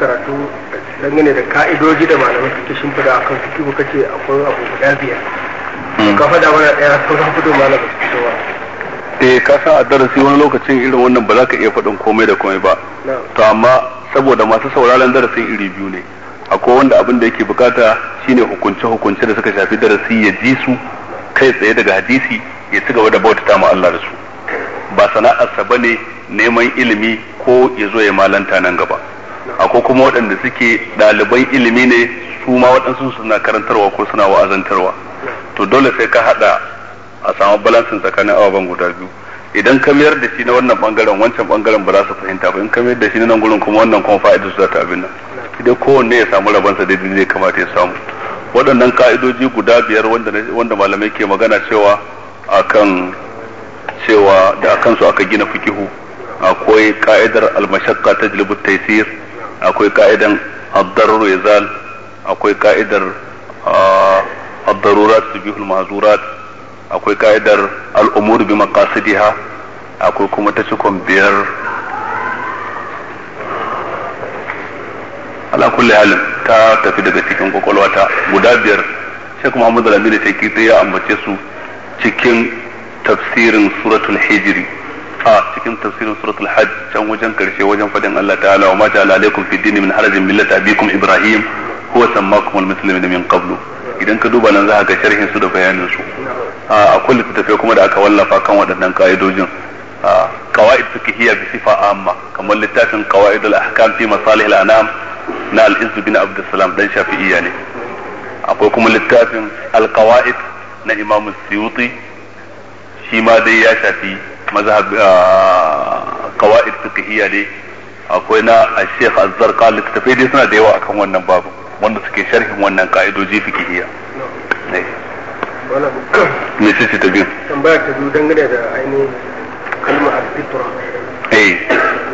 karatu dangane da ka'idoji da malamai suke shimfida a kan suke kuka ce akwai abu guda biyar hmm. ka fada mana ɗaya sauran fito malamai suke. fitowa eh ka sa a darasi wani lokacin irin wannan ba za ka iya faɗin komai da komai ba to amma saboda masu sauraron darasin iri biyu ne akwai wanda abin da yake bukata shine hukunce hukunce da suka shafi darasi ya ji su kai tsaye daga hadisi ya ci gaba da bautata ma Allah da su ba sana'arsa bane neman ilimi ko ya zo ya malanta nan gaba akwai kuma waɗanda suke ɗaliban ilimi ne su ma waɗansu suna karantarwa ko suna wa'azantarwa to dole sai ka haɗa a samu balansin tsakanin ababen guda biyu idan ka mayar da shi na wannan bangaren wancan bangaren ba za su fahimta ba in ka mayar da shi na nan gurin kuma wannan kuma fa'idar su za ta abin nan idan kowanne ya samu rabansa daidai zai kamata ya samu waɗannan ka'idoji guda biyar wanda malamai ke magana cewa akan cewa da akan su aka gina fikihu akwai ka'idar almashakka jilbu taisir akwai ka'idan ad-darru akwai ka'idar ad su tubihul mahzurat akwai ka'idar al-umur bi maqasidiha akwai kuma ta cikon biyar ala kulli halin ta tafi daga cikin kwakwalwata guda biyar Sheikh Muhammad Al-Amin da ya ambace su cikin tafsirin suratul hijri duha cikin tafsirin suratul hajj can wajen karshe wajen fadin Allah ta'ala wa ma ja'ala alaikum fid dini min harajin millata abikum ibrahim huwa sammakum almuslimin min qablu idan ka duba nan za ka ga sharhin su da bayanin su akwai littattafai kuma da aka wallafa kan waɗannan ka'idojin قواعد فقهيه بصفه عامه kamar لتاتن قواعد الاحكام في مصالح الانام na al'izu bin abdulsalam dan shafi'iyya ne akwai kuma littafin alkawa'id na imam suyuti shi ma dai ya shafi mazhab ah, qawaid fiqhiyya ne akwai na Sheikh Az-Zarqa littafai dai suna da yawa akan wannan babu wanda suke sharhin wannan ka'idoji fiqhiyya ne ne shi ta biyu tambaya ta biyu dangane da ainihin kalmar al-fitra eh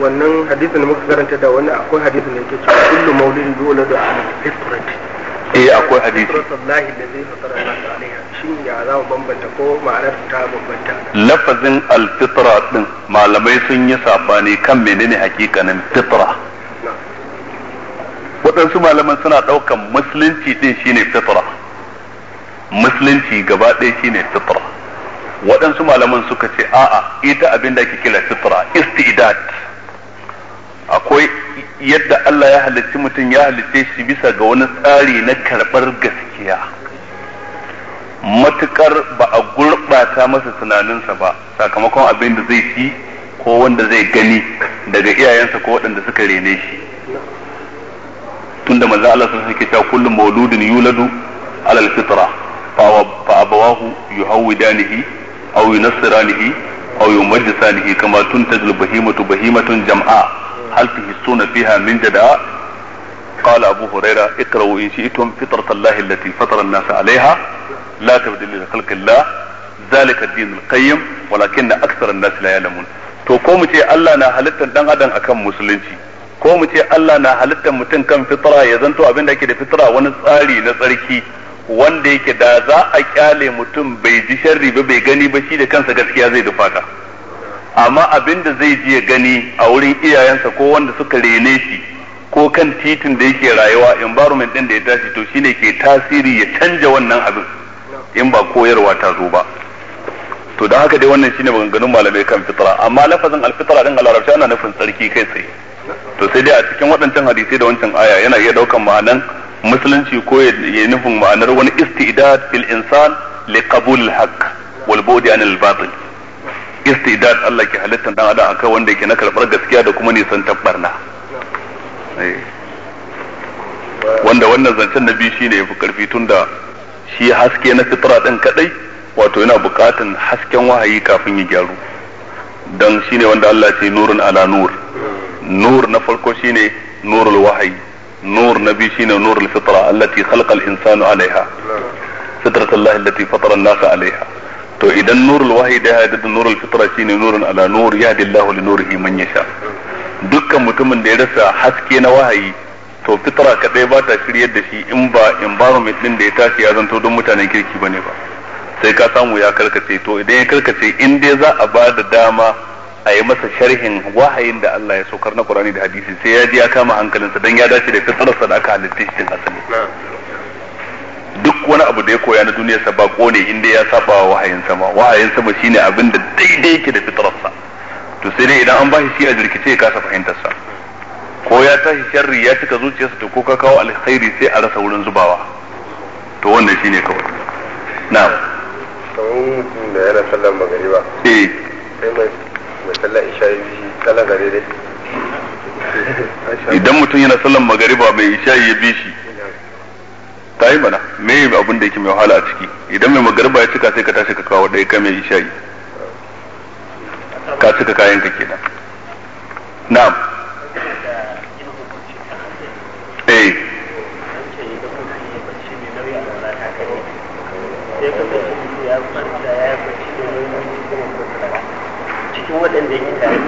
wannan hadisin da muka karanta da wannan akwai hadisin da yake cewa kullu maulidin dole da al-fitrati eh akwai hadisi lafazin alfitra din malamai sun yi sabani kan menene hakikanin fitra waɗansu malaman suna ɗaukan musulunci din shine fitra musulunci gaba ɗaya shine fitra waɗansu malaman suka ce a'a ita abin da ake kira fitra istidad akwai yadda Allah ya halicci mutum ya halicce shi bisa ga wani tsari na karɓar gaskiya matukar ba a gurɓata masa tunaninsa ba sakamakon abin da zai ci ko wanda zai gani daga iyayensa ko waɗanda suka rene shi tunda manzo Allah sun sake cewa kullum mauludin yuladu alal alfitra fa abawahu yuhawidanihi aw yunassiranihi aw yumajjisanihi kama tuntajlu bahimatu bahimatun jam'a هل تهسون فيها من جدعاء قال أبو هريرة اقرأوا إن شئتم فطرة الله التي فطر الناس عليها لا تبديل لخلق الله ذلك الدين القيم ولكن أكثر الناس لا يعلمون to ko mu ce Allah na halittar dan adam akan musulunci ko mu ce Allah na halittar mutum kan fitra ya zanto abin da yake da fitra wani tsari na tsarki wanda yake da za a kyale mutum bai ji sharri ba bai gani ba shi da kansa gaskiya zai dufa ka amma abin da zai je gani a wurin iyayensa ko wanda suka rene shi ko kan titin da yake rayuwa environment din da ya tashi to shine ke tasiri ya canja wannan abin in ba koyarwa ta zo ba to da haka dai wannan shine maganganun malamai kan fitra amma lafazin alfitra din a ana nufin tsarki kai tsaye to sai dai a cikin waɗancan hadisai da wancan aya yana iya ɗaukan ma'anan musulunci ko ya nufin ma'anar wani istidad fil insan li qabul haqq wal budi anil batil istidad Allah ke halittar dan adam akai wanda yake na karbar gaskiya da kuma nisan tabbarna eh. wanda wannan zancen na biyu shine yafi karfi tunda shi haske na fitra din kadai wato yana bukatan hasken wahayi kafin ya gyaru dan shine wanda Allah ce nurun ala nur nur na farko shine nurul wahayi nur na biyu shine nurul fitra allati khalaqa al-insanu alaiha fitratullahi allati fatara an-nasa alaiha to idan nurul wahyi da ya da nurul fitra shine nurun ala nur ya dillahu li nurihi man yasha dukkan mutumin da ya rasa haske na wahayi to fitra kadai ba ta shiryar da shi in ba environment din da ya tashi ya zanto don mutanen kirki bane ba sai ka samu ya karkace to idan ya karkace in dai za a ba da dama a yi masa sharhin wahayin da Allah ya saukar na Qur'ani da hadisi sai ya ji ya kama hankalinsa dan ya dace da fitrarsa da aka halitta shi asali wani abu da ya koya na sa ba ne inda ya saba wa wahayin sama wahayin sama shine abin da daidai yake da fitrarsa to sai dai idan an bashi shi a jirkice ya kasa fahimtar sa ko ya tashi sharri ya cika zuciyarsa to ko ka kawo alkhairi sai a rasa wurin zubawa to wannan shine kawai na'am kamar mutum da yana sallan magariba eh sai mai sallan isha yi sallan gare dai idan mutum yana sallan magariba mai isha yi bi shi ta yi mana me yi abin da yake mai wahala a ciki idan mai magarba ya cika sai ka tashi ka kawo ɗaya ka mai shayi ka cika kayan ka kenan na'am eh cikin waɗanda yake tare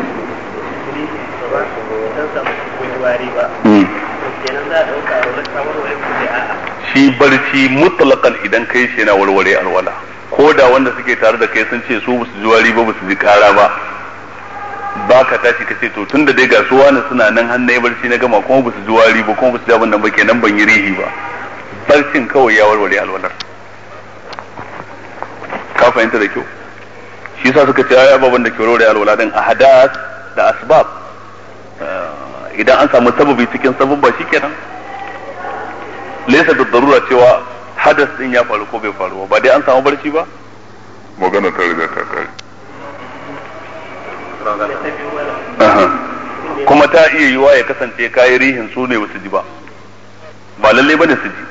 da su ba su wari ba shi barci mutlakan idan kai shi yana warware alwala ko da wanda suke tare da kai sun ce su basu ji wari ba su ji kara ba ba ka tashi ka ce to tun da dai ga su wani suna nan hannu ya barci na gama kuma basu ji wari ba kuma su ji abin nan ba kenan ban yi rihi ba barcin kawai ya warware alwalar ka fahimta da kyau shi sa suka ce ya babban da ke warware alwala din hadas da asbab idan an samu sababi cikin sababba shikenan laysa da darura cewa hadas din ya faru ko bai faru ba dai an samu barci ba magana ta riga ta kai kuma ta iya yiwa ya kasance kayi rihin su ne wasu ji ba ba lalle ba ne su ji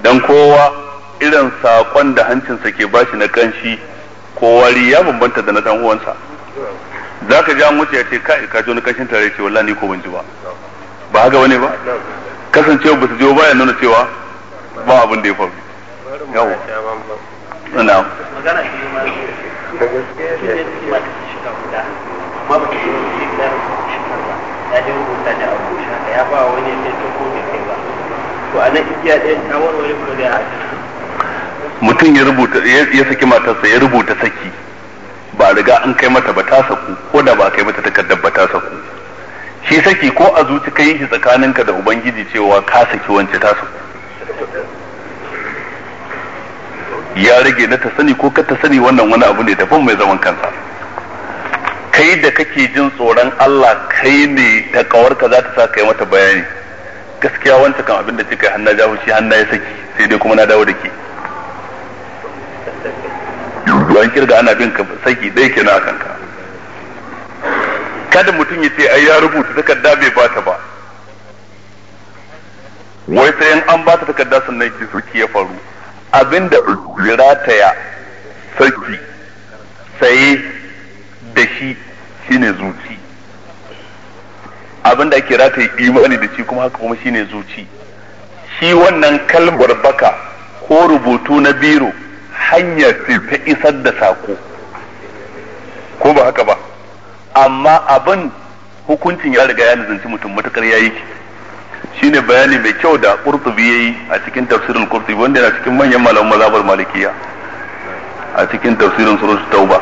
dan kowa irin sakon da hancinsa ke bashi na kanshi ko wari ya bambanta da na dan uwansa za ka ja an ya ce kai ka ji wani kashin tare ce wallahi ni ko ban ji ba ba haka wani ba kasancewa ba su ji ba ya nuna cewa ba abin da ya faru yawo na ya ba wani mutum ya rubuta ya saki matarsa ya rubuta saki ba riga an kai mata ba ta saku ko da ba kai mata takardar ba ta saku shi saki ko a zuci kai shi tsakaninka da ubangiji cewa ka saki wance ta saku ya rage na ta sani ko ka ta sani wannan wani abu ne daban mai zaman kansa kai da kake jin tsoron Allah kai ne ta kawarka za ta sa kai mata bayani gaskiya wancan kan abin da kika hannu jahu shi hannu ya saki sai dai kuma na dawo da ke an kirga ana bin ka saki dai kenan a kanka kada mutum ya ce ai ya rubuta takarda bai bata ba wai sai in an bata takarda sannan ki suki ya faru abinda rataya saki saye da shi shine zuci abinda ake yi imani da shi kuma haka kuma shine zuci shi wannan kalmar baka ko rubutu na biro hanya ce ta isar da sako ko ba haka ba amma abin hukuncin ya riga ya nazarci mutum matukar ya yi Shi ne bayani mai kyau da kurtubi ya yi a cikin tafsirin kurtubi wanda yana cikin manyan malamun mazabar malikiya a cikin tafsirin su tauba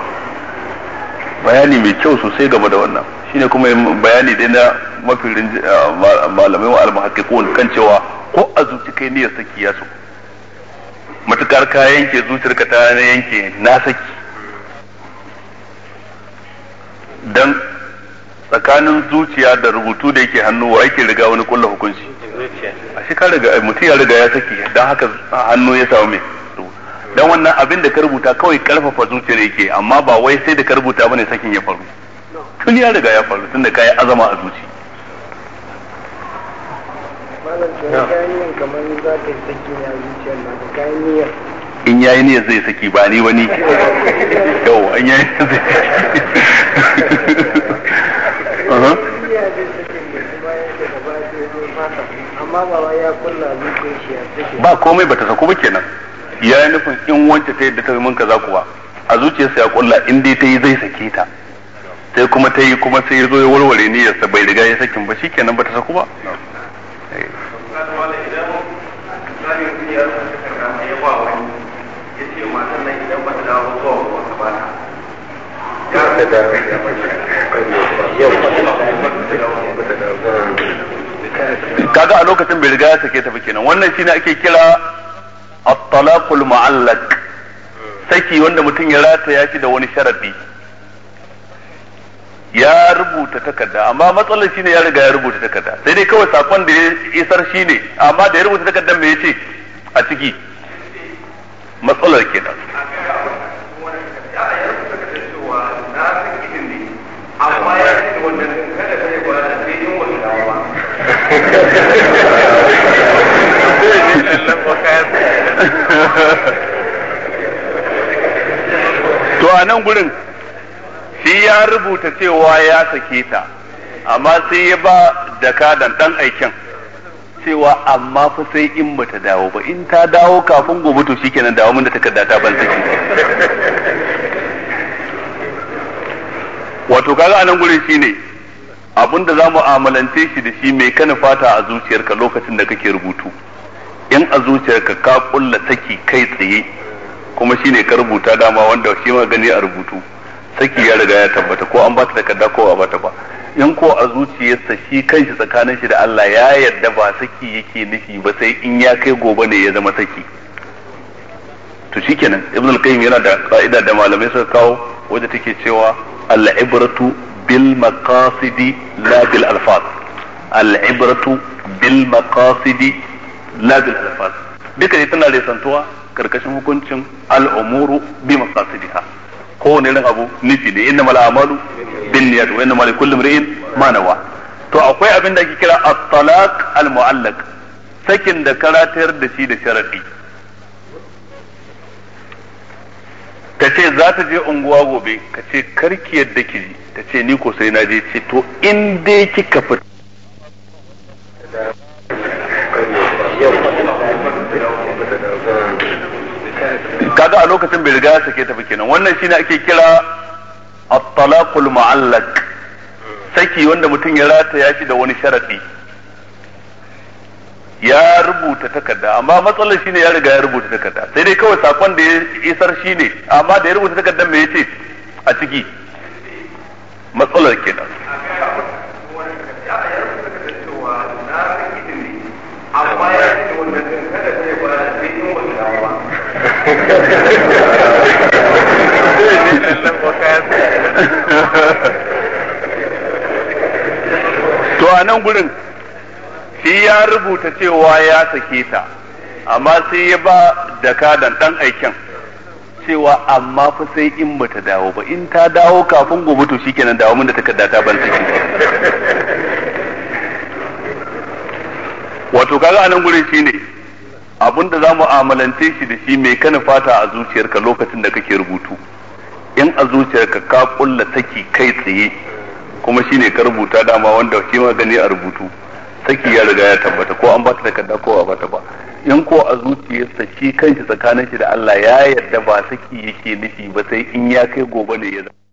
bayani mai kyau sosai game da wannan shi ne kuma bayani dai na mafi ah, malamai wa al kan cewa ko a zuci kai niyyar sakiya su matukar ka yanke zuciyarka ta yanke na saki dan tsakanin zuciya da rubutu da yake hannu wa yake riga wani kulla hukunci a shi ka riga mutum ya riga ya saki dan haka hannu ya samu mai dan wannan abin da ka rubuta kawai karfafa zuciyar yake amma ba wai sai da ka rubuta bane sakin ya faru tun ya riga ya faru tun da kai azama a zuci in yayi niyyar zai saki ba ni wani yau in yayi niyyar zai saki ba komai ba ta saku ba kenan ya yi nufin in wance ta yadda ta yi min kaza kuwa a zuciyarsa ya kulla in dai ta yi zai sake ta sai kuma ta yi kuma sai ya zo ya warware niyyarsa bai riga ya sakin ba shi kenan ba ta saku ba da da kaga a lokacin bai riga ya sake ta kenan wannan shine ake kira at-talaqul mu'allaq saki wanda mutum ya rata ya shi da wani sharafi ya rubuta takarda amma matsalar shine ya riga ya rubuta takarda sai dai kawai sakon da ya isar shine amma da ya rubuta takardar me yace a ciki matsalar kenan to a nan gurin shi ya rubuta cewa ya sake ta amma sai ya ba da kadan ɗan aikin cewa amma fa sai in bata dawo ba in ta dawo kafin gobe to shi kenan dawo min da takarda ta ban saki wato kaga nan gurin shine da za mu amalance shi da shi mai kana fata a zuciyarka lokacin da kake rubutu in a zuciyarka ka kulla saki kai tsaye kuma shine ka rubuta dama wanda shi ma gani a rubutu saki ya riga ya tabbata ko an ba ta takarda ko a bata ba in ko a zuciyarsa shi kanshi tsakanin shi da Allah ya yarda ba saki yake nufi ba sai in ya kai gobe ne ya zama saki to shikenan ibn al-qayyim yana da ka'ida da malamai suka kawo wanda take cewa al-ibratu bil maqasidi la bil alfaz al ibratu bil maqasidi la bil alfaz duka ne tana resantuwa karkashin hukuncin al umuru bi maqasidiha kowane irin abu nufi ne inna mal amalu bin niyyat wa inna mal kullu imrin ma to akwai abin da ake kira at-talaq al-mu'allaq sakin da karatayar da si da sharadi ta ce za ta je unguwa gobe ka ce karki yadda ki ji ta ce ni ko sai na je ce to in dai kika fita kaga a lokacin bai riga sake tafi kenan wannan shine ake kira at-talaqul mu'allaq saki wanda mutum ya rataya shi da wani sharadi ya rubuta takarda amma matsalar shine ya riga ya rubuta takarda sai dai kawai sakon da ya isar shine amma da ya rubuta takardar me yace a ciki matsalar kenan to a nan gurin shi ya rubuta cewa ya sake ta amma sai ya ba da kadan dan aikin cewa amma fa sai in bata dawo ba in ta dawo kafin gobe to shikenan dawo mun da takarda ta ban saki wato kaga anan gurin shine abin da za mu amalance shi da shi mai kana fata a zuciyarka lokacin da kake rubutu in a zuciyarka ka kulla saki kai tsaye kuma shine ka rubuta dama wanda shi ma gani a rubutu saki ya riga ya tabbata ko an ba ta takarda ko ba ta ba in ko a zuciyarsa shi kanshi tsakanin shi da Allah ya yarda ba saki yake nufi ba sai in ya kai gobe ne ya zama